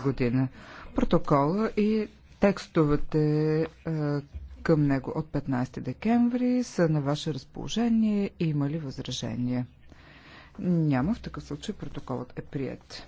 година. Протокола и текстовете към него от 15 декември са на ваше разположение и има ли възражения? Няма. В такъв случай протоколът е прият.